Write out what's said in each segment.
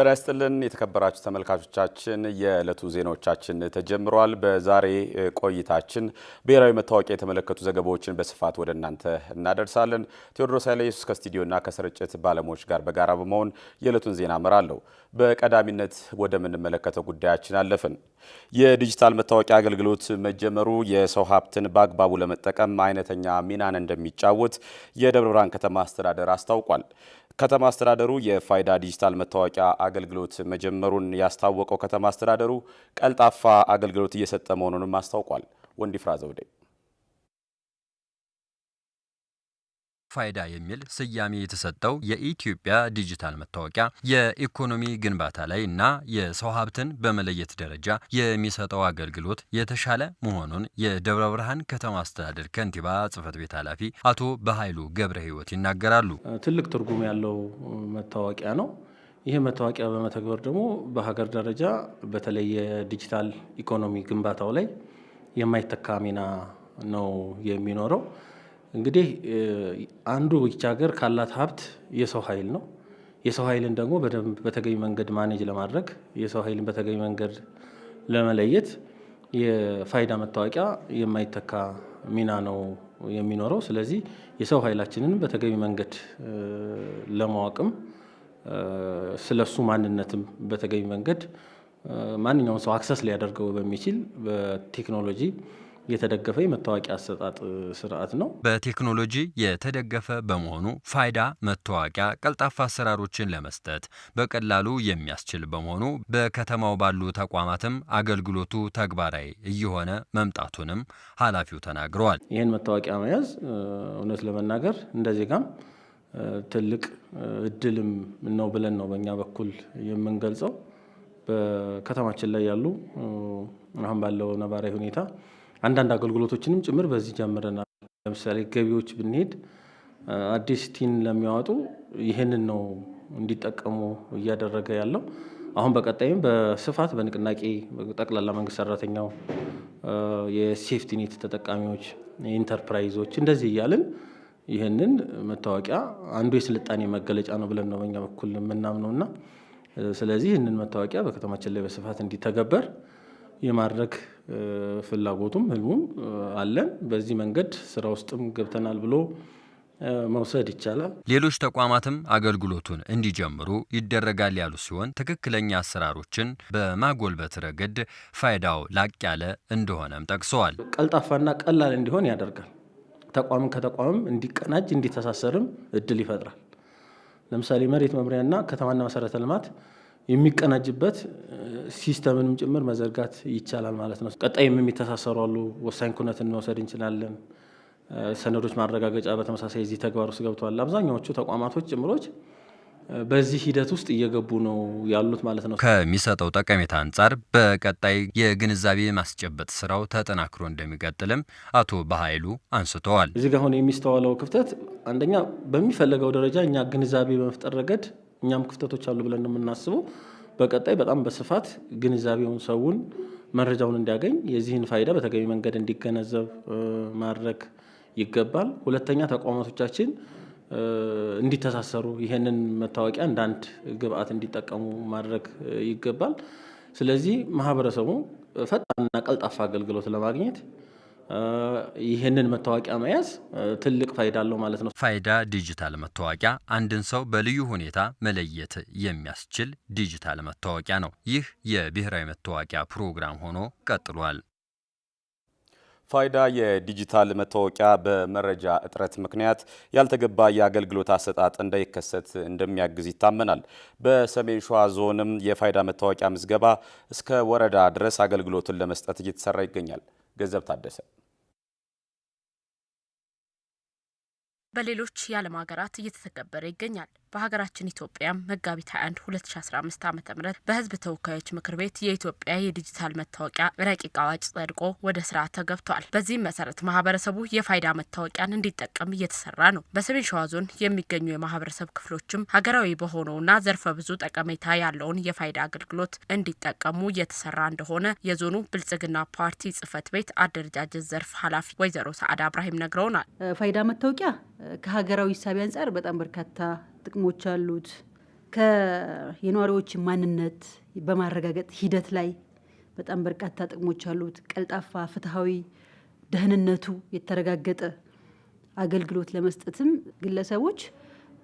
ጤና ይስጥልን የተከበራችሁ ተመልካቾቻችን፣ የዕለቱ ዜናዎቻችን ተጀምሯል በዛሬ ቆይታችን ብሔራዊ መታወቂያ የተመለከቱ ዘገባዎችን በስፋት ወደ እናንተ እናደርሳለን። ቴዎድሮስ ኢየሱስ ከስቱዲዮና ከስርጭት ባለሙያዎች ጋር በጋራ በመሆን የዕለቱን ዜና እመራለሁ። በቀዳሚነት ወደምንመለከተው ጉዳያችን አለፍን። የዲጂታል መታወቂያ አገልግሎት መጀመሩ የሰው ሀብትን በአግባቡ ለመጠቀም አይነተኛ ሚናን እንደሚጫወት የደብረ ብርሃን ከተማ አስተዳደር አስታውቋል። ከተማ አስተዳደሩ የፋይዳ ዲጂታል መታወቂያ አገልግሎት መጀመሩን ያስታወቀው ከተማ አስተዳደሩ ቀልጣፋ አገልግሎት እየሰጠ መሆኑንም አስታውቋል። ወንዲ ፍራ ዘውዴ ፋይዳ የሚል ስያሜ የተሰጠው የኢትዮጵያ ዲጂታል መታወቂያ የኢኮኖሚ ግንባታ ላይ እና የሰው ሀብትን በመለየት ደረጃ የሚሰጠው አገልግሎት የተሻለ መሆኑን የደብረ ብርሃን ከተማ አስተዳደር ከንቲባ ጽህፈት ቤት ኃላፊ አቶ በኃይሉ ገብረ ህይወት ይናገራሉ። ትልቅ ትርጉም ያለው መታወቂያ ነው። ይህ መታወቂያ በመተግበር ደግሞ በሀገር ደረጃ በተለይ የዲጂታል ኢኮኖሚ ግንባታው ላይ የማይተካ ሚና ነው የሚኖረው። እንግዲህ አንዱ ይች ሀገር ካላት ሀብት የሰው ኃይል ነው። የሰው ኃይልን ደግሞ በደንብ በተገቢ መንገድ ማኔጅ ለማድረግ የሰው ኃይልን በተገቢ መንገድ ለመለየት የፋይዳ መታወቂያ የማይተካ ሚና ነው የሚኖረው። ስለዚህ የሰው ኃይላችንን በተገቢ መንገድ ለማወቅም ስለሱ ማንነትም በተገቢ መንገድ ማንኛውም ሰው አክሰስ ሊያደርገው በሚችል በቴክኖሎጂ የተደገፈ የመታወቂያ አሰጣጥ ስርዓት ነው። በቴክኖሎጂ የተደገፈ በመሆኑ ፋይዳ መታወቂያ ቀልጣፋ አሰራሮችን ለመስጠት በቀላሉ የሚያስችል በመሆኑ በከተማው ባሉ ተቋማትም አገልግሎቱ ተግባራዊ እየሆነ መምጣቱንም ኃላፊው ተናግረዋል። ይህን መታወቂያ መያዝ እውነት ለመናገር እንደ ዜጋም ትልቅ እድልም ነው ብለን ነው በእኛ በኩል የምንገልጸው። በከተማችን ላይ ያሉ አሁን ባለው ነባራዊ ሁኔታ አንዳንድ አገልግሎቶችንም ጭምር በዚህ ጀምረናል። ለምሳሌ ገቢዎች ብንሄድ አዲስ ቲን ለሚያወጡ ይህንን ነው እንዲጠቀሙ እያደረገ ያለው። አሁን በቀጣይም በስፋት በንቅናቄ ጠቅላላ መንግስት ሰራተኛው፣ ኔት ተጠቃሚዎች፣ ኢንተርፕራይዞች እንደዚህ እያልን ይህንን መታወቂያ አንዱ የስልጣኔ መገለጫ ነው ብለን ነው በኛ በኩል የምናምነው እና ስለዚህ ይህንን መታወቂያ በከተማችን ላይ በስፋት እንዲተገበር የማድረግ ፍላጎቱም ህልሙም አለን። በዚህ መንገድ ስራ ውስጥም ገብተናል ብሎ መውሰድ ይቻላል። ሌሎች ተቋማትም አገልግሎቱን እንዲጀምሩ ይደረጋል ያሉ ሲሆን ትክክለኛ አሰራሮችን በማጎልበት ረገድ ፋይዳው ላቅ ያለ እንደሆነም ጠቅሰዋል። ቀልጣፋና ቀላል እንዲሆን ያደርጋል። ተቋምን ከተቋምም እንዲቀናጅ እንዲተሳሰርም እድል ይፈጥራል። ለምሳሌ መሬት መምሪያና ከተማና መሰረተ ልማት የሚቀናጅበት ሲስተምንም ጭምር መዘርጋት ይቻላል ማለት ነው። ቀጣይም የሚተሳሰሩ አሉ። ወሳኝ ኩነትን መውሰድ እንችላለን። ሰነዶች ማረጋገጫ በተመሳሳይ እዚህ ተግባር ውስጥ ገብተዋል። አብዛኛዎቹ ተቋማቶች ጭምሮች በዚህ ሂደት ውስጥ እየገቡ ነው ያሉት ማለት ነው። ከሚሰጠው ጠቀሜታ አንጻር በቀጣይ የግንዛቤ ማስጨበጥ ስራው ተጠናክሮ እንደሚቀጥልም አቶ በኃይሉ አንስተዋል። እዚህ ጋር አሁን የሚስተዋለው ክፍተት አንደኛ በሚፈለገው ደረጃ እኛ ግንዛቤ በመፍጠር ረገድ እኛም ክፍተቶች አሉ ብለን ነው የምናስበው። በቀጣይ በጣም በስፋት ግንዛቤውን ሰውን መረጃውን እንዲያገኝ የዚህን ፋይዳ በተገቢ መንገድ እንዲገነዘብ ማድረግ ይገባል። ሁለተኛ ተቋማቶቻችን እንዲተሳሰሩ ይህንን መታወቂያ እንደ አንድ ግብአት እንዲጠቀሙ ማድረግ ይገባል። ስለዚህ ማህበረሰቡ ፈጣንና ቀልጣፋ አገልግሎት ለማግኘት ይህንን መታወቂያ መያዝ ትልቅ ፋይዳ አለው ማለት ነው። ፋይዳ ዲጂታል መታወቂያ አንድን ሰው በልዩ ሁኔታ መለየት የሚያስችል ዲጂታል መታወቂያ ነው። ይህ የብሔራዊ መታወቂያ ፕሮግራም ሆኖ ቀጥሏል። ፋይዳ የዲጂታል መታወቂያ በመረጃ እጥረት ምክንያት ያልተገባ የአገልግሎት አሰጣጥ እንዳይከሰት እንደሚያግዝ ይታመናል። በሰሜን ሸዋ ዞንም የፋይዳ መታወቂያ ምዝገባ እስከ ወረዳ ድረስ አገልግሎትን ለመስጠት እየተሰራ ይገኛል። ገንዘብ ታደሰ በሌሎች የዓለም ሀገራት እየተተገበረ ይገኛል። በሀገራችን ኢትዮጵያም መጋቢት 21 2015 ዓ ም በህዝብ ተወካዮች ምክር ቤት የኢትዮጵያ የዲጂታል መታወቂያ ረቂቅ አዋጅ ጸድቆ ወደ ስራ ተገብቷል። በዚህም መሰረት ማህበረሰቡ የፋይዳ መታወቂያን እንዲጠቀም እየተሰራ ነው። በሰሜን ሸዋ ዞን የሚገኙ የማህበረሰብ ክፍሎችም ሀገራዊ በሆነውና ዘርፈ ብዙ ጠቀሜታ ያለውን የፋይዳ አገልግሎት እንዲጠቀሙ እየተሰራ እንደሆነ የዞኑ ብልጽግና ፓርቲ ጽህፈት ቤት አደረጃጀት ዘርፍ ኃላፊ ወይዘሮ ሰዓድ አብራሂም ነግረውናል። ፋይዳ መታወቂያ ከሀገራዊ እሳቤ አንጻር በጣም በርካታ ጥቅሞች አሉት። የነዋሪዎች ማንነት በማረጋገጥ ሂደት ላይ በጣም በርካታ ጥቅሞች አሉት። ቀልጣፋ፣ ፍትሐዊ፣ ደህንነቱ የተረጋገጠ አገልግሎት ለመስጠትም ግለሰቦች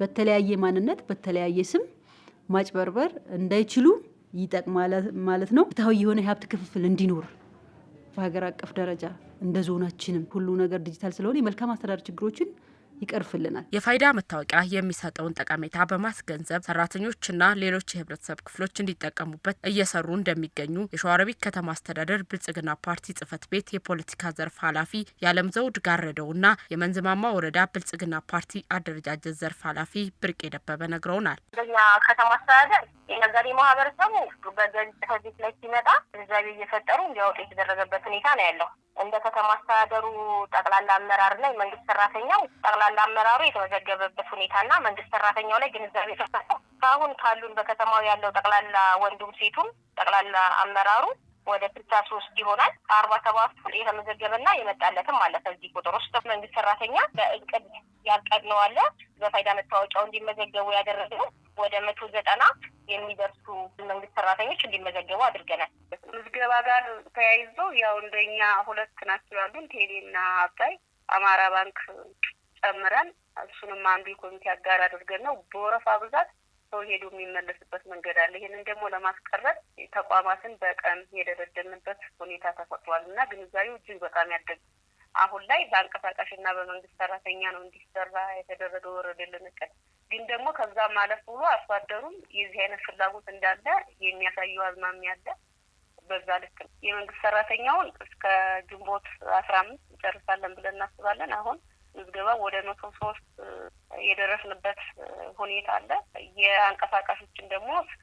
በተለያየ ማንነት በተለያየ ስም ማጭበርበር እንዳይችሉ ይጠቅማል ማለት ነው። ፍትሐዊ የሆነ የሀብት ክፍፍል እንዲኖር በሀገር አቀፍ ደረጃ እንደ ዞናችንም ሁሉ ነገር ዲጂታል ስለሆነ የመልካም አስተዳደር ችግሮችን ይቀርፍልናል። የፋይዳ መታወቂያ የሚሰጠውን ጠቀሜታ በማስገንዘብ ሰራተኞችና ሌሎች የህብረተሰብ ክፍሎች እንዲጠቀሙበት እየሰሩ እንደሚገኙ የሸዋሮቢት ከተማ አስተዳደር ብልጽግና ፓርቲ ጽህፈት ቤት የፖለቲካ ዘርፍ ኃላፊ የአለም ዘውድ ጋረደውና የመንዝማማ ወረዳ ብልጽግና ፓርቲ አደረጃጀት ዘርፍ ኃላፊ ብርቄ ደበበ ነግረውናል። ከተማ አስተዳደር የነጋዴ ማህበረሰቡ በገቢ ጽሕፈት ቤት ላይ ሲመጣ ግንዛቤ እየፈጠሩ እንዲያወጡ የተደረገበት ሁኔታ ነው ያለው። እንደ ከተማ አስተዳደሩ ጠቅላላ አመራር አመራርና የመንግስት ሰራተኛው ጠቅላላ አመራሩ የተመዘገበበት ሁኔታ ሁኔታና መንግስት ሰራተኛው ላይ ግንዛቤ ተፈጠ ከአሁን ካሉን በከተማው ያለው ጠቅላላ ወንዱም ሴቱም ጠቅላላ አመራሩ ወደ ስልሳ ሶስት ይሆናል። ከአርባ ሰባቱ የተመዘገበና የመጣለትም ማለት ነው። እዚህ ቁጥር ውስጥ መንግስት ሰራተኛ በእቅድ ያቀድነዋለ በፋይዳ መታወቂያው እንዲመዘገቡ ያደረገው ወደ መቶ ዘጠና የሚደርሱ መንግስት ሰራተኞች እንዲመዘገቡ አድርገናል። ምዝገባ ጋር ተያይዞ ያው እንደኛ ሁለት ናቸው ያሉን ቴሌና አባይ አማራ ባንክ ጨምረን እሱንም አንዱ የኮሚቴ አጋር አድርገን ነው። በወረፋ ብዛት ሰው ሄዶ የሚመለስበት መንገድ አለ። ይህንን ደግሞ ለማስቀረት ተቋማትን በቀን የደረደንበት ሁኔታ ተፈጥሯል እና ግንዛቤው እጅግ በጣም ያደግ አሁን ላይ በአንቀሳቃሽና በመንግስት ሰራተኛ ነው እንዲሰራ የተደረገ ወረደልን እቅድ ግን ደግሞ ከዛ ማለፍ ብሎ አርሶ አደሩም የዚህ አይነት ፍላጎት እንዳለ የሚያሳየው አዝማሚያ አለ። በዛ ልክ ነው የመንግስት ሰራተኛውን እስከ ግንቦት አስራ አምስት እንጨርሳለን ብለን እናስባለን። አሁን ምዝገባ ወደ መቶ ሶስት የደረስንበት ሁኔታ አለ። የአንቀሳቃሾችን ደግሞ እስከ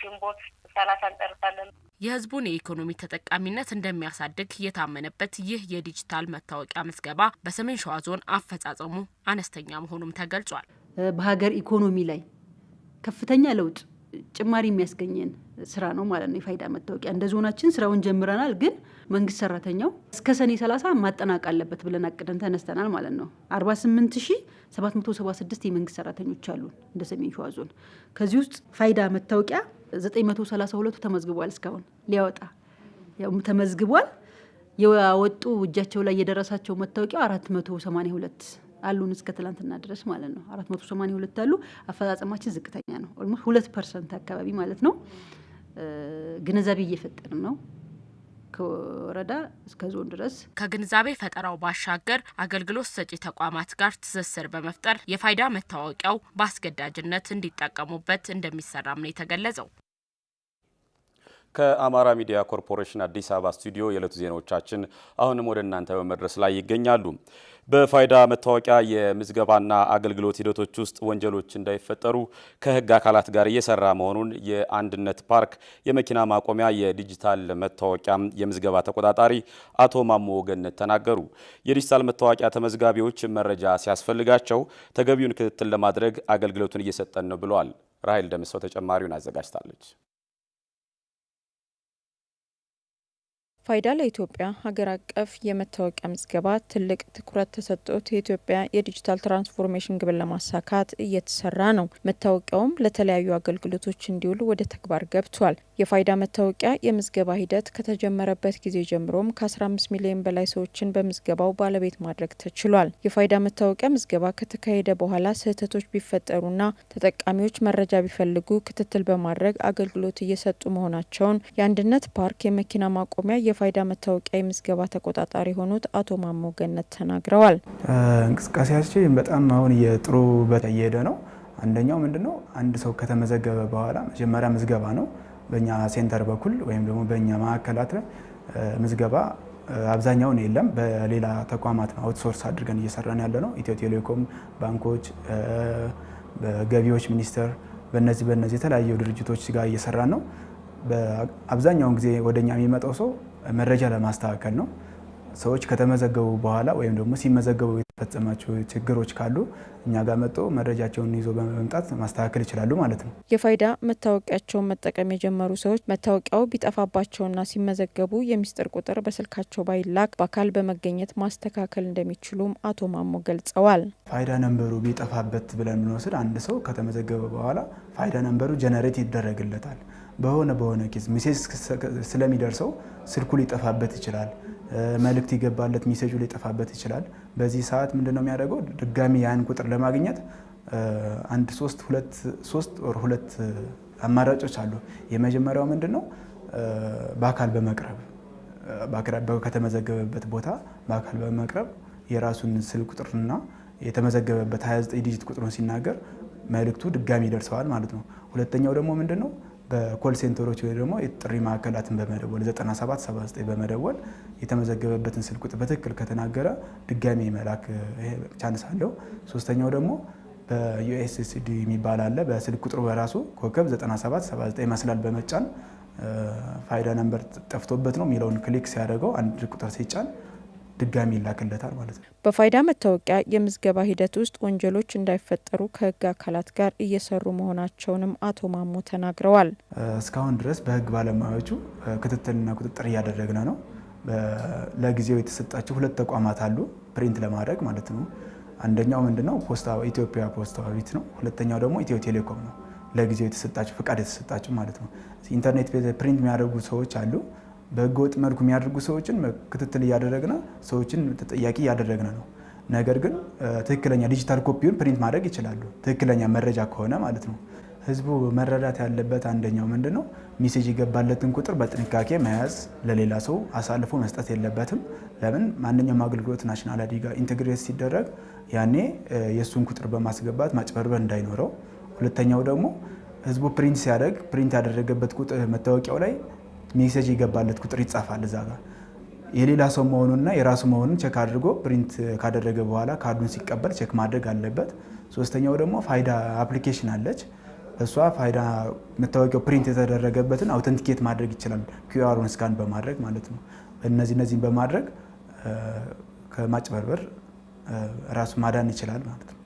ግንቦት ሰላሳ እንጨርሳለን። የህዝቡን የኢኮኖሚ ተጠቃሚነት እንደሚያሳድግ የታመነበት ይህ የዲጂታል መታወቂያ ምዝገባ በሰሜን ሸዋ ዞን አፈጻጸሙ አነስተኛ መሆኑም ተገልጿል። በሀገር ኢኮኖሚ ላይ ከፍተኛ ለውጥ ጭማሪ የሚያስገኘን ስራ ነው ማለት ነው የፋይዳ መታወቂያ። እንደ ዞናችን ስራውን ጀምረናል፣ ግን መንግስት ሰራተኛው እስከ ሰኔ 30 ማጠናቅ አለበት ብለን አቅደን ተነስተናል ማለት ነው። 48776 የመንግስት ሰራተኞች አሉ እንደ ሰሜን ሸዋ ዞን። ከዚህ ውስጥ ፋይዳ መታወቂያ 932 ተመዝግቧል። እስካሁን ሊያወጣ ተመዝግቧል። የወጡ እጃቸው ላይ የደረሳቸው መታወቂያው 482 አሉን እስከ ትላንትና ድረስ ማለት ነው። 482 አሉ። አፈጻጸማችን ዝቅተኛ ነው። ኦልሞስት ሁለት ፐርሰንት አካባቢ ማለት ነው። ግንዛቤ እየፈጠርን ነው ከወረዳ እስከ ዞን ድረስ ከግንዛቤ ፈጠራው ባሻገር አገልግሎት ሰጪ ተቋማት ጋር ትስስር በመፍጠር የፋይዳ መታወቂያው በአስገዳጅነት እንዲጠቀሙበት እንደሚሰራም ነው የተገለጸው። ከአማራ ሚዲያ ኮርፖሬሽን አዲስ አበባ ስቱዲዮ የዕለቱ ዜናዎቻችን አሁንም ወደ እናንተ በመድረስ ላይ ይገኛሉ። በፋይዳ መታወቂያ የምዝገባና አገልግሎት ሂደቶች ውስጥ ወንጀሎች እንዳይፈጠሩ ከሕግ አካላት ጋር እየሰራ መሆኑን የአንድነት ፓርክ የመኪና ማቆሚያ የዲጂታል መታወቂያ የምዝገባ ተቆጣጣሪ አቶ ማሞ ወገነት ተናገሩ። የዲጂታል መታወቂያ ተመዝጋቢዎች መረጃ ሲያስፈልጋቸው ተገቢውን ክትትል ለማድረግ አገልግሎቱን እየሰጠን ነው ብለዋል። ራሄል ደምሰው ተጨማሪውን አዘጋጅታለች። ፋይዳ ለኢትዮጵያ ሀገር አቀፍ የመታወቂያ ምዝገባ ትልቅ ትኩረት ተሰጥቶት የኢትዮጵያ የዲጂታል ትራንስፎርሜሽን ግብን ለማሳካት እየተሰራ ነው። መታወቂያውም ለተለያዩ አገልግሎቶች እንዲውል ወደ ተግባር ገብቷል። የፋይዳ መታወቂያ የምዝገባ ሂደት ከተጀመረበት ጊዜ ጀምሮም ከ15 ሚሊዮን በላይ ሰዎችን በምዝገባው ባለቤት ማድረግ ተችሏል። የፋይዳ መታወቂያ ምዝገባ ከተካሄደ በኋላ ስህተቶች ቢፈጠሩና ተጠቃሚዎች መረጃ ቢፈልጉ ክትትል በማድረግ አገልግሎት እየሰጡ መሆናቸውን የአንድነት ፓርክ የመኪና ማቆሚያ የፋይዳ መታወቂያ የምዝገባ ተቆጣጣሪ የሆኑት አቶ ማሞ ገነት ተናግረዋል። እንቅስቃሴያችን በጣም አሁን የጥሩ በተየሄደ ነው። አንደኛው ምንድነው አንድ ሰው ከተመዘገበ በኋላ መጀመሪያ ምዝገባ ነው በእኛ ሴንተር በኩል ወይም ደግሞ በእኛ ማዕከላት ምዝገባ አብዛኛውን የለም። በሌላ ተቋማት ነው አውትሶርስ አድርገን እየሰራን ያለ ነው። ኢትዮ ቴሌኮም፣ ባንኮች፣ በገቢዎች ሚኒስቴር በነዚህ በነዚህ የተለያዩ ድርጅቶች ጋር እየሰራን ነው። አብዛኛውን ጊዜ ወደኛ የሚመጣው ሰው መረጃ ለማስተካከል ነው። ሰዎች ከተመዘገቡ በኋላ ወይም ደግሞ ሲመዘገቡ ፈጸማቸው ችግሮች ካሉ እኛ ጋር መጥቶ መረጃቸውን ይዞ በመምጣት ማስተካከል ይችላሉ ማለት ነው። የፋይዳ መታወቂያቸውን መጠቀም የጀመሩ ሰዎች መታወቂያው ቢጠፋባቸውና ሲመዘገቡ የሚስጥር ቁጥር በስልካቸው ባይላክ በአካል በመገኘት ማስተካከል እንደሚችሉም አቶ ማሞ ገልጸዋል። ፋይዳ ነንበሩ ቢጠፋበት ብለን ብንወስድ አንድ ሰው ከተመዘገበ በኋላ ፋይዳ ነንበሩ ጀነሬት ይደረግለታል። በሆነ በሆነ ኬዝ ሚሴጅ ስለሚደርሰው ስልኩ ሊጠፋበት ይችላል። መልእክት ይገባለት ሚሴጁ ሊጠፋበት ይችላል። በዚህ ሰዓት ምንድን ነው የሚያደርገው? ድጋሚ ያን ቁጥር ለማግኘት አንድ ሶስት ሁለት ሶስት ወር ሁለት አማራጮች አሉ። የመጀመሪያው ምንድን ነው? በአካል በመቅረብ ከተመዘገበበት ቦታ በአካል በመቅረብ የራሱን ስልክ ቁጥርና የተመዘገበበት 29 ዲጂት ቁጥሩን ሲናገር መልእክቱ ድጋሚ ይደርሰዋል ማለት ነው። ሁለተኛው ደግሞ ምንድን ነው በኮል ሴንተሮች ወይ ደግሞ የጥሪ ማዕከላትን በመደወል 9779 በመደወል የተመዘገበበትን ስልክ ቁጥር በትክክል ከተናገረ ድጋሚ መላክ ቻንስ አለው። ሶስተኛው ደግሞ በዩኤስኤስዲ የሚባል አለ። በስልክ ቁጥሩ በራሱ ኮከብ 9779 መስላል በመጫን ፋይዳ ነንበር ጠፍቶበት ነው የሚለውን ክሊክ ሲያደርገው አንድ ቁጥር ሲጫን ድጋሚ ይላክለታል ማለት ነው። በፋይዳ መታወቂያ የምዝገባ ሂደት ውስጥ ወንጀሎች እንዳይፈጠሩ ከህግ አካላት ጋር እየሰሩ መሆናቸውንም አቶ ማሞ ተናግረዋል። እስካሁን ድረስ በህግ ባለሙያዎቹ ክትትልና ቁጥጥር እያደረግን ነው። ለጊዜው የተሰጣቸው ሁለት ተቋማት አሉ፣ ፕሪንት ለማድረግ ማለት ነው። አንደኛው ምንድነው ፖስታ ኢትዮጵያ ፖስታ ቤት ነው። ሁለተኛው ደግሞ ኢትዮ ቴሌኮም ነው። ለጊዜው የተሰጣቸው ፍቃድ የተሰጣቸው ማለት ነው። ኢንተርኔት ፕሪንት የሚያደርጉ ሰዎች አሉ። በህገወጥ መልኩ የሚያደርጉ ሰዎችን ክትትል እያደረግነ ሰዎችን ተጠያቂ እያደረግነ ነው። ነገር ግን ትክክለኛ ዲጂታል ኮፒውን ፕሪንት ማድረግ ይችላሉ፣ ትክክለኛ መረጃ ከሆነ ማለት ነው። ህዝቡ መረዳት ያለበት አንደኛው ምንድን ነው፣ ሚሴጅ የገባለትን ቁጥር በጥንቃቄ መያዝ፣ ለሌላ ሰው አሳልፎ መስጠት የለበትም። ለምን ማንኛውም አገልግሎት ናሽናል አይዲ ጋር ኢንቴግሬት ሲደረግ ያኔ የእሱን ቁጥር በማስገባት ማጭበርበር እንዳይኖረው። ሁለተኛው ደግሞ ህዝቡ ፕሪንት ሲያደርግ ፕሪንት ያደረገበት ቁጥር መታወቂያው ላይ ሜሴጅ የገባለት ቁጥር ይጻፋል እዛ ጋር የሌላ ሰው መሆኑንና የራሱ መሆኑን ቼክ አድርጎ ፕሪንት ካደረገ በኋላ ካርዱን ሲቀበል ቼክ ማድረግ አለበት። ሶስተኛው ደግሞ ፋይዳ አፕሊኬሽን አለች። እሷ ፋይዳ መታወቂያው ፕሪንት የተደረገበትን አውተንቲኬት ማድረግ ይችላል፣ ኪዩአሩን ስካን በማድረግ ማለት ነው። እነዚህ እነዚህን በማድረግ ከማጭበርበር ራሱ ማዳን ይችላል ማለት ነው።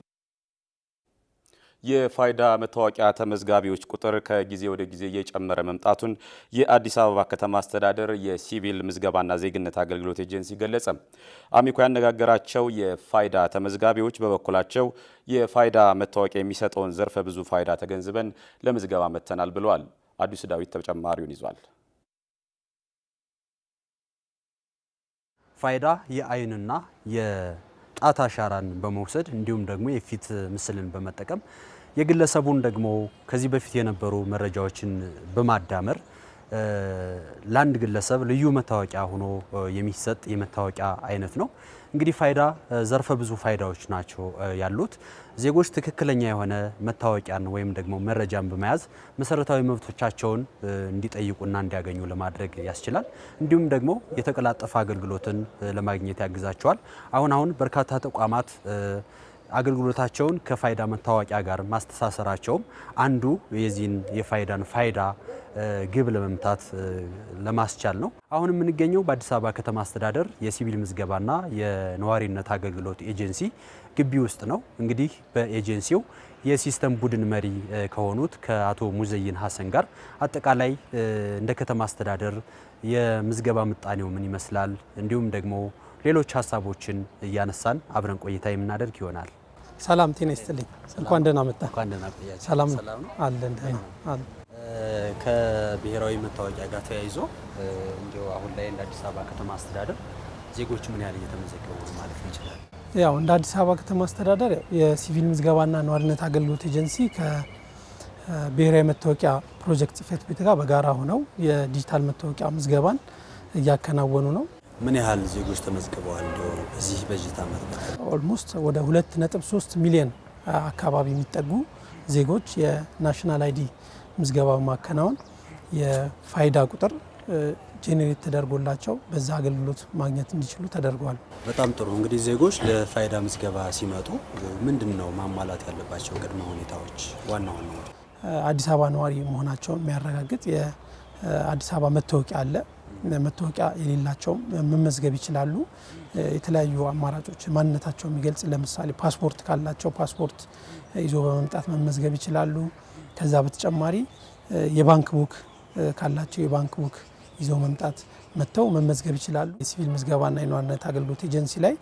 የፋይዳ መታወቂያ ተመዝጋቢዎች ቁጥር ከጊዜ ወደ ጊዜ እየጨመረ መምጣቱን የአዲስ አበባ ከተማ አስተዳደር የሲቪል ምዝገባና ዜግነት አገልግሎት ኤጀንሲ ገለጸ። አሚኮ ያነጋገራቸው የፋይዳ ተመዝጋቢዎች በበኩላቸው የፋይዳ መታወቂያ የሚሰጠውን ዘርፈ ብዙ ፋይዳ ተገንዝበን ለምዝገባ መጥተናል ብለዋል። አዲሱ ዳዊት ተጨማሪውን ይዟል። ፋይዳ የአይንና ጣት አሻራን በመውሰድ እንዲሁም ደግሞ የፊት ምስልን በመጠቀም የግለሰቡን ደግሞ ከዚህ በፊት የነበሩ መረጃዎችን በማዳመር ለአንድ ግለሰብ ልዩ መታወቂያ ሆኖ የሚሰጥ የመታወቂያ አይነት ነው። እንግዲህ ፋይዳ ዘርፈ ብዙ ፋይዳዎች ናቸው ያሉት። ዜጎች ትክክለኛ የሆነ መታወቂያን ወይም ደግሞ መረጃን በመያዝ መሰረታዊ መብቶቻቸውን እንዲጠይቁና እንዲያገኙ ለማድረግ ያስችላል። እንዲሁም ደግሞ የተቀላጠፈ አገልግሎትን ለማግኘት ያግዛቸዋል። አሁን አሁን በርካታ ተቋማት አገልግሎታቸውን ከፋይዳ መታወቂያ ጋር ማስተሳሰራቸውም አንዱ የዚህን የፋይዳን ፋይዳ ግብ ለመምታት ለማስቻል ነው። አሁን የምንገኘው በአዲስ አበባ ከተማ አስተዳደር የሲቪል ምዝገባና የነዋሪነት አገልግሎት ኤጀንሲ ግቢ ውስጥ ነው። እንግዲህ በኤጀንሲው የሲስተም ቡድን መሪ ከሆኑት ከአቶ ሙዘይን ሀሰን ጋር አጠቃላይ እንደ ከተማ አስተዳደር የምዝገባ ምጣኔው ምን ይመስላል እንዲሁም ደግሞ ሌሎች ሀሳቦችን እያነሳን አብረን ቆይታ የምናደርግ ይሆናል። ሰላም ጤና ይስጥልኝ። እንኳን ደህና መጣ። ሰላም አለን። አለ። ከብሔራዊ መታወቂያ ጋር ተያይዞ እንዲሁ አሁን ላይ እንደ አዲስ አበባ ከተማ አስተዳደር ዜጎች ምን ያህል እየተመዘገቡ ማለት ይችላል? ያው እንደ አዲስ አበባ ከተማ አስተዳደር የሲቪል ምዝገባና ነዋሪነት አገልግሎት ኤጀንሲ ከብሔራዊ መታወቂያ ፕሮጀክት ጽሕፈት ቤት ጋር በጋራ ሆነው የዲጂታል መታወቂያ ምዝገባን እያከናወኑ ነው። ምን ያህል ዜጎች ተመዝግበዋል? እንዲሆኑ እዚህ በጀት ዓመት ኦልሞስት ወደ 2.3 ሚሊዮን አካባቢ የሚጠጉ ዜጎች የናሽናል አይዲ ምዝገባ ማከናወን የፋይዳ ቁጥር ጄኔሬት ተደርጎላቸው በዛ አገልግሎት ማግኘት እንዲችሉ ተደርጓል። በጣም ጥሩ። እንግዲህ ዜጎች ለፋይዳ ምዝገባ ሲመጡ ምንድን ነው ማሟላት ያለባቸው ቅድመ ሁኔታዎች? ዋና ዋና አዲስ አበባ ነዋሪ መሆናቸውን የሚያረጋግጥ የአዲስ አበባ መታወቂያ አለ መታወቂያ የሌላቸውም መመዝገብ ይችላሉ። የተለያዩ አማራጮች ማንነታቸው የሚገልጽ ለምሳሌ ፓስፖርት ካላቸው ፓስፖርት ይዞ በመምጣት መመዝገብ ይችላሉ። ከዛ በተጨማሪ የባንክ ቡክ ካላቸው የባንክ ቡክ ይዘው መምጣት መጥተው መመዝገብ ይችላሉ። የሲቪል ምዝገባና የነዋሪነት አገልግሎት ኤጀንሲ ላይ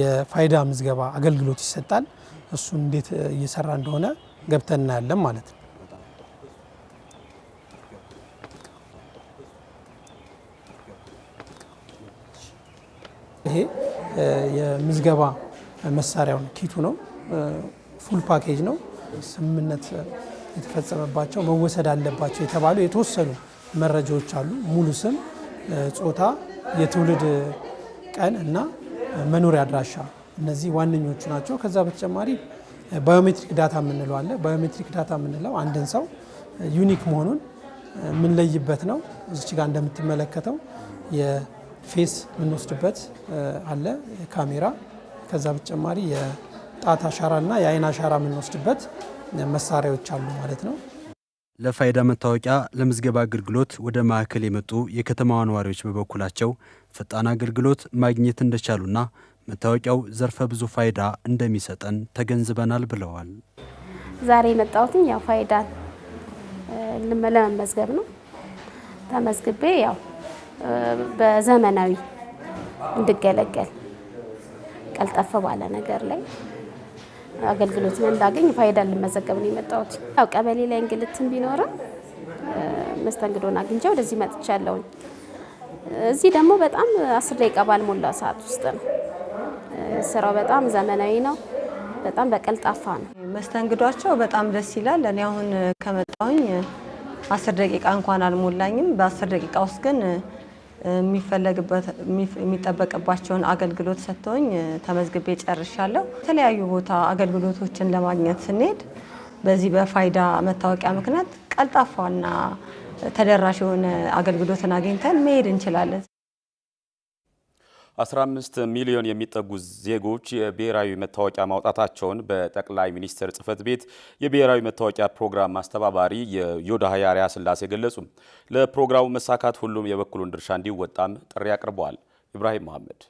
የፋይዳ ምዝገባ አገልግሎት ይሰጣል። እሱን እንዴት እየሰራ እንደሆነ ገብተን እናያለን ማለት ነው። ይሄ የምዝገባ መሳሪያውን ኪቱ ነው። ፉል ፓኬጅ ነው። ስምምነት የተፈጸመባቸው መወሰድ አለባቸው የተባሉ የተወሰኑ መረጃዎች አሉ። ሙሉ ስም፣ ጾታ፣ የትውልድ ቀን እና መኖሪያ አድራሻ እነዚህ ዋነኞቹ ናቸው። ከዛ በተጨማሪ ባዮሜትሪክ ዳታ የምንለው አለ። ባዮሜትሪክ ዳታ የምንለው አንድን ሰው ዩኒክ መሆኑን የምንለይበት ነው። እዚች ጋር እንደምትመለከተው ፌስ የምንወስድበት አለ ካሜራ። ከዛ በተጨማሪ የጣት አሻራና የአይን አሻራ የምንወስድበት መሳሪያዎች አሉ ማለት ነው። ለፋይዳ መታወቂያ ለምዝገባ አገልግሎት ወደ ማዕከል የመጡ የከተማዋ ነዋሪዎች በበኩላቸው ፈጣን አገልግሎት ማግኘት እንደቻሉና መታወቂያው ዘርፈ ብዙ ፋይዳ እንደሚሰጠን ተገንዝበናል ብለዋል። ዛሬ የመጣሁትን ያው ፋይዳ ለመመዝገብ ነው። ተመዝግቤ ያው በዘመናዊ እንድገለገል ቀልጠፍ ባለ ነገር ላይ አገልግሎትን እንዳገኝ ፋይዳ ልመዘገብ ነው የመጣሁት። ያው ቀበሌ ላይ እንግልትም ቢኖርም መስተንግዶን አግኝቼ ወደዚህ መጥቻለሁኝ። እዚህ ደግሞ በጣም አስር ደቂቃ ባልሞላ ሰዓት ውስጥ ነው። ስራው በጣም ዘመናዊ ነው። በጣም በቀልጣፋ ነው መስተንግዷቸው። በጣም ደስ ይላል። እኔ አሁን ከመጣሁኝ አስር ደቂቃ እንኳን አልሞላኝም። በአስር ደቂቃ ውስጥ ግን የሚፈለግበት የሚጠበቅባቸውን አገልግሎት ሰጥቶኝ ተመዝግቤ ጨርሻለሁ። የተለያዩ ቦታ አገልግሎቶችን ለማግኘት ስንሄድ በዚህ በፋይዳ መታወቂያ ምክንያት ቀልጣፋና ተደራሽ የሆነ አገልግሎትን አግኝተን መሄድ እንችላለን። 15 ሚሊዮን የሚጠጉ ዜጎች የብሔራዊ መታወቂያ ማውጣታቸውን በጠቅላይ ሚኒስትር ጽህፈት ቤት የብሔራዊ መታወቂያ ፕሮግራም አስተባባሪ የዮዳሃ አርአያ ስላሴ ገለጹ። ለፕሮግራሙ መሳካት ሁሉም የበኩሉን ድርሻ እንዲወጣም ጥሪ አቅርበዋል። ኢብራሂም መሐመድ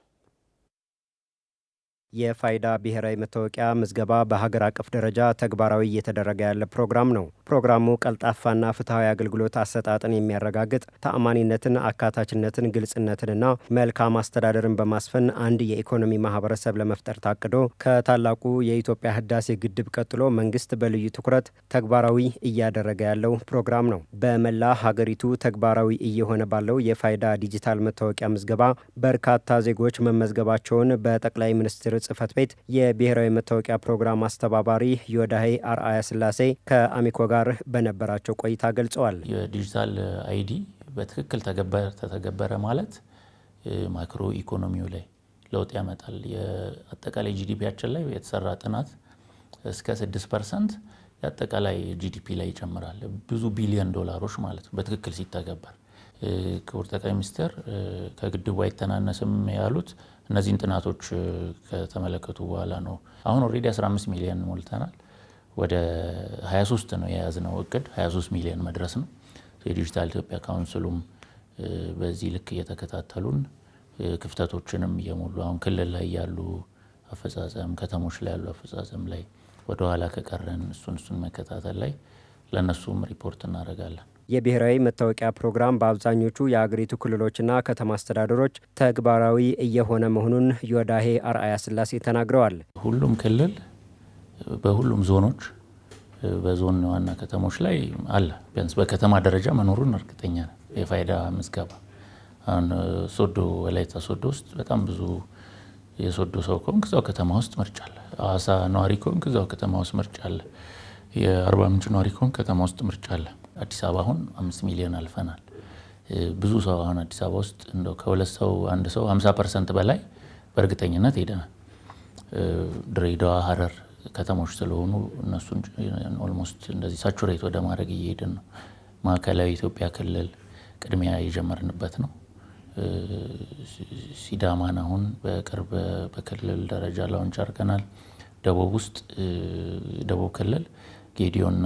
የፋይዳ ብሔራዊ መታወቂያ ምዝገባ በሀገር አቀፍ ደረጃ ተግባራዊ እየተደረገ ያለ ፕሮግራም ነው። ፕሮግራሙ ቀልጣፋና ፍትሐዊ አገልግሎት አሰጣጥን የሚያረጋግጥ ተአማኒነትን፣ አካታችነትን፣ ግልጽነትንና መልካም አስተዳደርን በማስፈን አንድ የኢኮኖሚ ማህበረሰብ ለመፍጠር ታቅዶ ከታላቁ የኢትዮጵያ ህዳሴ ግድብ ቀጥሎ መንግስት በልዩ ትኩረት ተግባራዊ እያደረገ ያለው ፕሮግራም ነው። በመላ ሀገሪቱ ተግባራዊ እየሆነ ባለው የፋይዳ ዲጂታል መታወቂያ ምዝገባ በርካታ ዜጎች መመዝገባቸውን በጠቅላይ ሚኒስትር ጽህፈት ቤት የብሔራዊ መታወቂያ ፕሮግራም አስተባባሪ ዮዳሄ አርአያ ስላሴ ከአሚኮ ጋር በነበራቸው ቆይታ ገልጸዋል። የዲጂታል አይዲ በትክክል ተተገበረ ማለት ማክሮ ኢኮኖሚው ላይ ለውጥ ያመጣል። የአጠቃላይ ጂዲፒያችን ላይ የተሰራ ጥናት እስከ 6 ፐርሰንት የአጠቃላይ ጂዲፒ ላይ ይጨምራል። ብዙ ቢሊዮን ዶላሮች ማለት ነው በትክክል ሲተገበር። ክቡር ጠቅላይ ሚኒስትር ከግድቡ አይተናነስም ያሉት እነዚህን ጥናቶች ከተመለከቱ በኋላ ነው አሁን ኦልሬዲ 15 ሚሊዮን ሞልተናል። ወደ 23 ነው የያዝነው እቅድ 23 ሚሊዮን መድረስ ነው። የዲጂታል ኢትዮጵያ ካውንስሉም በዚህ ልክ እየተከታተሉን ክፍተቶችንም እየሞሉ አሁን ክልል ላይ ያሉ አፈጻጸም፣ ከተሞች ላይ ያሉ አፈጻጸም ላይ ወደኋላ ከቀረን እሱን እሱን መከታተል ላይ ለእነሱም ሪፖርት እናደርጋለን። የብሔራዊ መታወቂያ ፕሮግራም በአብዛኞቹ የአገሪቱ ክልሎችና ከተማ አስተዳደሮች ተግባራዊ እየሆነ መሆኑን ዮዳሄ አርአያ ስላሴ ተናግረዋል። ሁሉም ክልል በሁሉም ዞኖች፣ በዞን ዋና ከተሞች ላይ አለ። ቢያንስ በከተማ ደረጃ መኖሩን እርግጠኛ ነው። የፋይዳ ምዝገባ አሁን ሶዶ ወላይታ ሶዶ ውስጥ በጣም ብዙ የሶዶ ሰው ከሆንክ እዛው ከተማ ውስጥ ምርጫ አለ። ሐዋሳ ነዋሪ ከሆንክ እዛው ከተማ ውስጥ ምርጫ አለ። የአርባ ምንጭ ነዋሪ ከሆንክ ከተማ ውስጥ ምርጫ አለ። አዲስ አበባ አሁን አምስት ሚሊዮን አልፈናል። ብዙ ሰው አሁን አዲስ አበባ ውስጥ እንደው ከሁለት ሰው አንድ ሰው ሀምሳ ፐርሰንት በላይ በእርግጠኝነት ሄደናል። ድሬዳዋ፣ ሀረር ከተሞች ስለሆኑ እነሱን ኦልሞስት እንደዚህ ሳቹሬት ወደ ማድረግ እየሄድን ነው። ማዕከላዊ ኢትዮጵያ ክልል ቅድሚያ የጀመርንበት ነው። ሲዳማን አሁን በቅርብ በክልል ደረጃ ላውንች አድርገናል። ደቡብ ውስጥ ደቡብ ክልል ጌዲዮና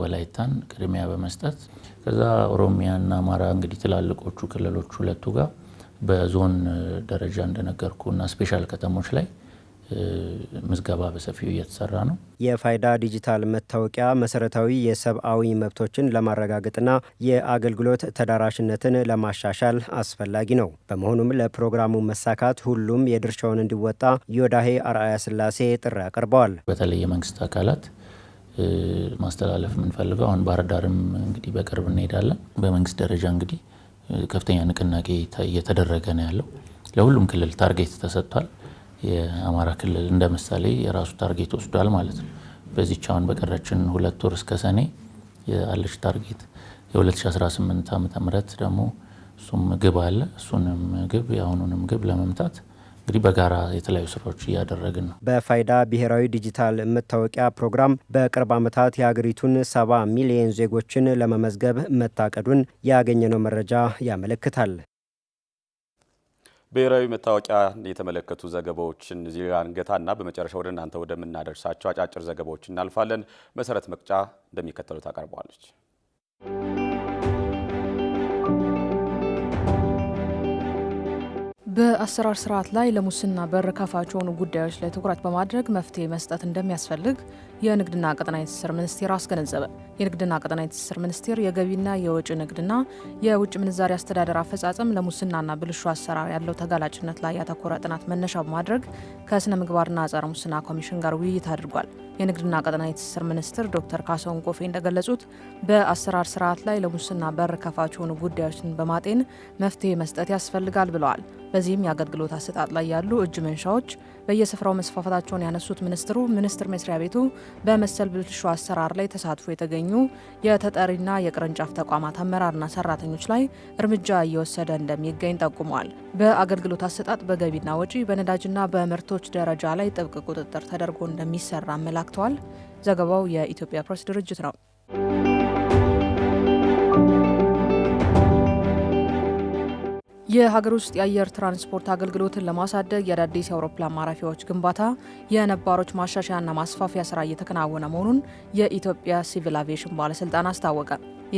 ወላይታን ቅድሚያ በመስጠት ከዛ ኦሮሚያና አማራ እንግዲህ ትላልቆቹ ክልሎች ሁለቱ ጋር በዞን ደረጃ እንደነገርኩ እና ስፔሻል ከተሞች ላይ ምዝገባ በሰፊው እየተሰራ ነው። የፋይዳ ዲጂታል መታወቂያ መሰረታዊ የሰብአዊ መብቶችን ለማረጋገጥና የአገልግሎት ተዳራሽነትን ለማሻሻል አስፈላጊ ነው። በመሆኑም ለፕሮግራሙ መሳካት ሁሉም የድርሻውን እንዲወጣ ዮዳሄ አርአያ ስላሴ ጥሪ አቅርበዋል። በተለይ የመንግስት አካላት ማስተላለፍ የምንፈልገው አሁን ባህር ዳርም እንግዲህ በቅርብ እንሄዳለን። በመንግስት ደረጃ እንግዲህ ከፍተኛ ንቅናቄ እየተደረገ ነው ያለው። ለሁሉም ክልል ታርጌት ተሰጥቷል። የአማራ ክልል እንደ ምሳሌ የራሱ ታርጌት ወስዷል ማለት ነው። በዚች አሁን በቀረችን ሁለት ወር እስከ ሰኔ ያለች ታርጌት የ2018 ዓ ም ደግሞ እሱም ግብ አለ። እሱንም ግብ የአሁኑንም ግብ ለመምታት እንግዲህ በጋራ የተለያዩ ስራዎች እያደረግን ነው። በፋይዳ ብሔራዊ ዲጂታል መታወቂያ ፕሮግራም በቅርብ ዓመታት የሀገሪቱን ሰባ ሚሊየን ዜጎችን ለመመዝገብ መታቀዱን ያገኘነው መረጃ ያመለክታል። ብሔራዊ መታወቂያ የተመለከቱ ዘገባዎችን እዚህ አንገታና በመጨረሻ ወደ እናንተ ወደምናደርሳቸው አጫጭር ዘገባዎች እናልፋለን። መሰረት መቅጫ እንደሚከተሉት አቀርበዋለች። በአሰራር ስርዓት ላይ ለሙስና በር ከፋች የሆኑ ጉዳዮች ላይ ትኩረት በማድረግ መፍትሄ መስጠት እንደሚያስፈልግ የንግድና ቀጠናዊ ትስስር ሚኒስቴር አስገነዘበ። የንግድና ቀጠናዊ ትስስር ሚኒስቴር የገቢና የወጪ ንግድና የውጭ ምንዛሪ አስተዳደር አፈጻጸም ለሙስናና ብልሹ አሰራር ያለው ተጋላጭነት ላይ ያተኮረ ጥናት መነሻ በማድረግ ከስነ ምግባርና ጸረ ሙስና ኮሚሽን ጋር ውይይት አድርጓል። የንግድና ቀጠናዊ ትስስር ሚኒስትር ዶክተር ካሳሁን ጎፌ እንደገለጹት በአሰራር ስርዓት ላይ ለሙስና በር ከፋች የሆኑ ጉዳዮችን በማጤን መፍትሄ መስጠት ያስፈልጋል ብለዋል። በዚህም የአገልግሎት አሰጣጥ ላይ ያሉ እጅ መንሻዎች በየስፍራው መስፋፋታቸውን ያነሱት ሚኒስትሩ ሚኒስቴር መስሪያ ቤቱ በመሰል ብልሹ አሰራር ላይ ተሳትፎ የተገኙ የተጠሪና የቅርንጫፍ ተቋማት አመራርና ሰራተኞች ላይ እርምጃ እየወሰደ እንደሚገኝ ጠቁመዋል። በአገልግሎት አሰጣጥ፣ በገቢና ወጪ፣ በነዳጅና በምርቶች ደረጃ ላይ ጥብቅ ቁጥጥር ተደርጎ እንደሚሰራ አመላክተዋል። ዘገባው የኢትዮጵያ ፕሬስ ድርጅት ነው። የሀገር ውስጥ የአየር ትራንስፖርት አገልግሎትን ለማሳደግ የአዳዲስ የአውሮፕላን ማረፊያዎች ግንባታ፣ የነባሮች ማሻሻያና ማስፋፊያ ስራ እየተከናወነ መሆኑን የኢትዮጵያ ሲቪል አቪዬሽን ባለስልጣን አስታወቀ።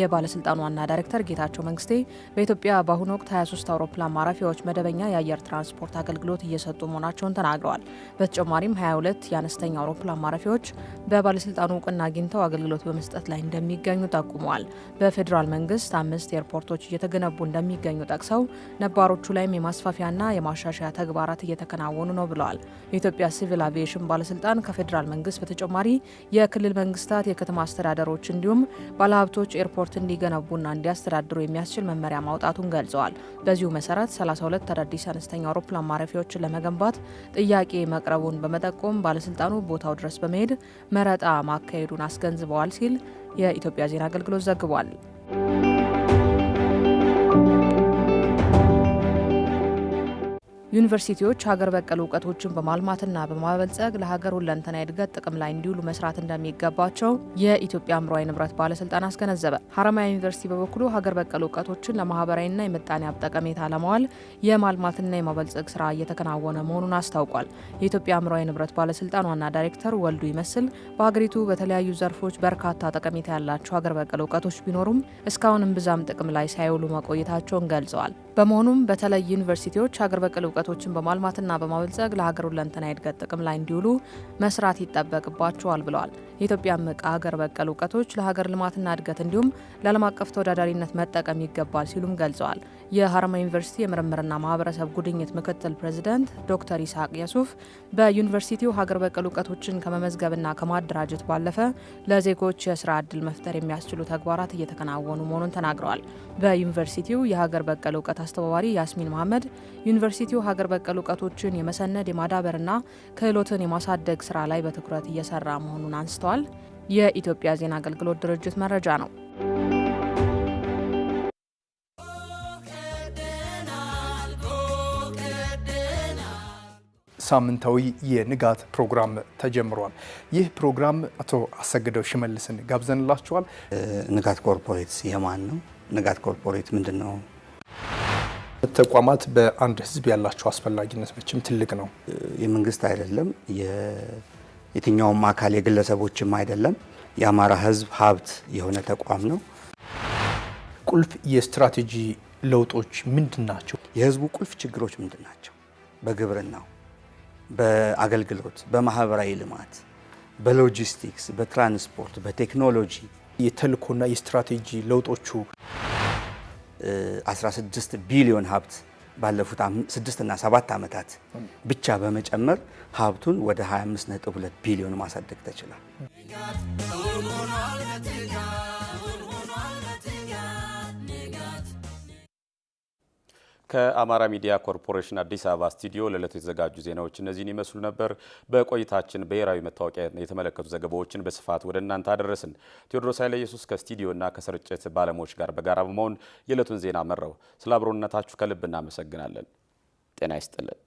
የባለስልጣን ዋና ዳይሬክተር ጌታቸው መንግስቴ በኢትዮጵያ በአሁኑ ወቅት 23 አውሮፕላን ማረፊያዎች መደበኛ የአየር ትራንስፖርት አገልግሎት እየሰጡ መሆናቸውን ተናግረዋል። በተጨማሪም 22 የአነስተኛ አውሮፕላን ማረፊያዎች በባለስልጣኑ እውቅና አግኝተው አገልግሎት በመስጠት ላይ እንደሚገኙ ጠቁመዋል። በፌዴራል መንግስት አምስት ኤርፖርቶች እየተገነቡ እንደሚገኙ ጠቅሰው ነባሮቹ ላይም የማስፋፊያና የማሻሻያ ተግባራት እየተከናወኑ ነው ብለዋል። የኢትዮጵያ ሲቪል አቪዬሽን ባለስልጣን ከፌዴራል መንግስት በተጨማሪ የክልል መንግስታት፣ የከተማ አስተዳደሮች እንዲሁም ባለሀብቶች ኤርፖርት ሪዞርት እንዲገነቡና እንዲያስተዳድሩ የሚያስችል መመሪያ ማውጣቱን ገልጸዋል። በዚሁ መሰረት 32 አዳዲስ አነስተኛ አውሮፕላን ማረፊያዎችን ለመገንባት ጥያቄ መቅረቡን በመጠቆም ባለስልጣኑ ቦታው ድረስ በመሄድ መረጣ ማካሄዱን አስገንዝበዋል ሲል የኢትዮጵያ ዜና አገልግሎት ዘግቧል። ዩኒቨርሲቲዎች ሀገር በቀል እውቀቶችን በማልማትና በማበልጸግ ለሀገር ሁለንተና እድገት ጥቅም ላይ እንዲውሉ መስራት እንደሚገባቸው የኢትዮጵያ አእምሯዊ ንብረት ባለስልጣን አስገነዘበ። ሀረማያ ዩኒቨርሲቲ በበኩሉ ሀገር በቀል እውቀቶችን ለማህበራዊና የምጣኔ ሀብት ጠቀሜታ ለማዋል የማልማትና የማበልጸግ ስራ እየተከናወነ መሆኑን አስታውቋል። የኢትዮጵያ አእምሯዊ ንብረት ባለስልጣን ዋና ዳይሬክተር ወልዱ ይመስል በሀገሪቱ በተለያዩ ዘርፎች በርካታ ጠቀሜታ ያላቸው ሀገር በቀል እውቀቶች ቢኖሩም እስካሁን ብዛም ጥቅም ላይ ሳይውሉ መቆየታቸውን ገልጸዋል። በመሆኑም በተለይ ዩኒቨርሲቲዎች ሀገር በቀል እውቀት እውቀቶችን በማልማትና በማበልጸግ ለሀገር ሁለንተናዊ እድገት ጥቅም ላይ እንዲውሉ መስራት ይጠበቅባቸዋል ብለዋል። የኢትዮጵያ ምቃ ሀገር በቀል እውቀቶች ለሀገር ልማትና እድገት እንዲሁም ለዓለም አቀፍ ተወዳዳሪነት መጠቀም ይገባል ሲሉም ገልጸዋል። የሀረማ ዩኒቨርሲቲ የምርምርና ማህበረሰብ ጉድኝት ምክትል ፕሬዚደንት ዶክተር ይስሐቅ የሱፍ በዩኒቨርሲቲው ሀገር በቀል እውቀቶችን ከመመዝገብና ከማደራጀት ባለፈ ለዜጎች የስራ እድል መፍጠር የሚያስችሉ ተግባራት እየተከናወኑ መሆኑን ተናግረዋል። በዩኒቨርሲቲው የሀገር በቀል እውቀት አስተባባሪ ያስሚን መሐመድ ዩኒቨርሲቲው ሀገር በቀል እውቀቶችን የመሰነድ የማዳበርና ክህሎትን የማሳደግ ስራ ላይ በትኩረት እየሰራ መሆኑን አንስተዋል። የኢትዮጵያ ዜና አገልግሎት ድርጅት መረጃ ነው። ሳምንታዊ የንጋት ፕሮግራም ተጀምሯል። ይህ ፕሮግራም አቶ አሰግደው ሽመልስን ጋብዘንላችኋል። ንጋት ኮርፖሬትስ የማን ነው? ንጋት ኮርፖሬት ምንድን ነው? ተቋማት በአንድ ህዝብ ያላቸው አስፈላጊነት መቼም ትልቅ ነው። የመንግስት አይደለም፣ የትኛውም አካል የግለሰቦችም አይደለም። የአማራ ህዝብ ሀብት የሆነ ተቋም ነው። ቁልፍ የስትራቴጂ ለውጦች ምንድን ናቸው? የህዝቡ ቁልፍ ችግሮች ምንድን ናቸው? በግብርናው፣ በአገልግሎት፣ በማህበራዊ ልማት፣ በሎጂስቲክስ፣ በትራንስፖርት፣ በቴክኖሎጂ የተልእኮና የስትራቴጂ ለውጦቹ 16 ቢሊዮን ሀብት ባለፉት 6 እና 7 ዓመታት ብቻ በመጨመር ሀብቱን ወደ 25.2 ቢሊዮን ማሳደግ ተችሏል። ከአማራ ሚዲያ ኮርፖሬሽን አዲስ አበባ ስቱዲዮ ለዕለቱ የተዘጋጁ ዜናዎች እነዚህን ይመስሉ ነበር። በቆይታችን ብሔራዊ መታወቂያ የተመለከቱ ዘገባዎችን በስፋት ወደ እናንተ አደረስን። ቴዎድሮስ ኃይለ ኢየሱስ ከስቱዲዮና ከስርጭት ባለሙያዎች ጋር በጋራ በመሆን የዕለቱን ዜና መራው። ስለ አብሮነታችሁ ከልብ እናመሰግናለን። ጤና ይስጥልን።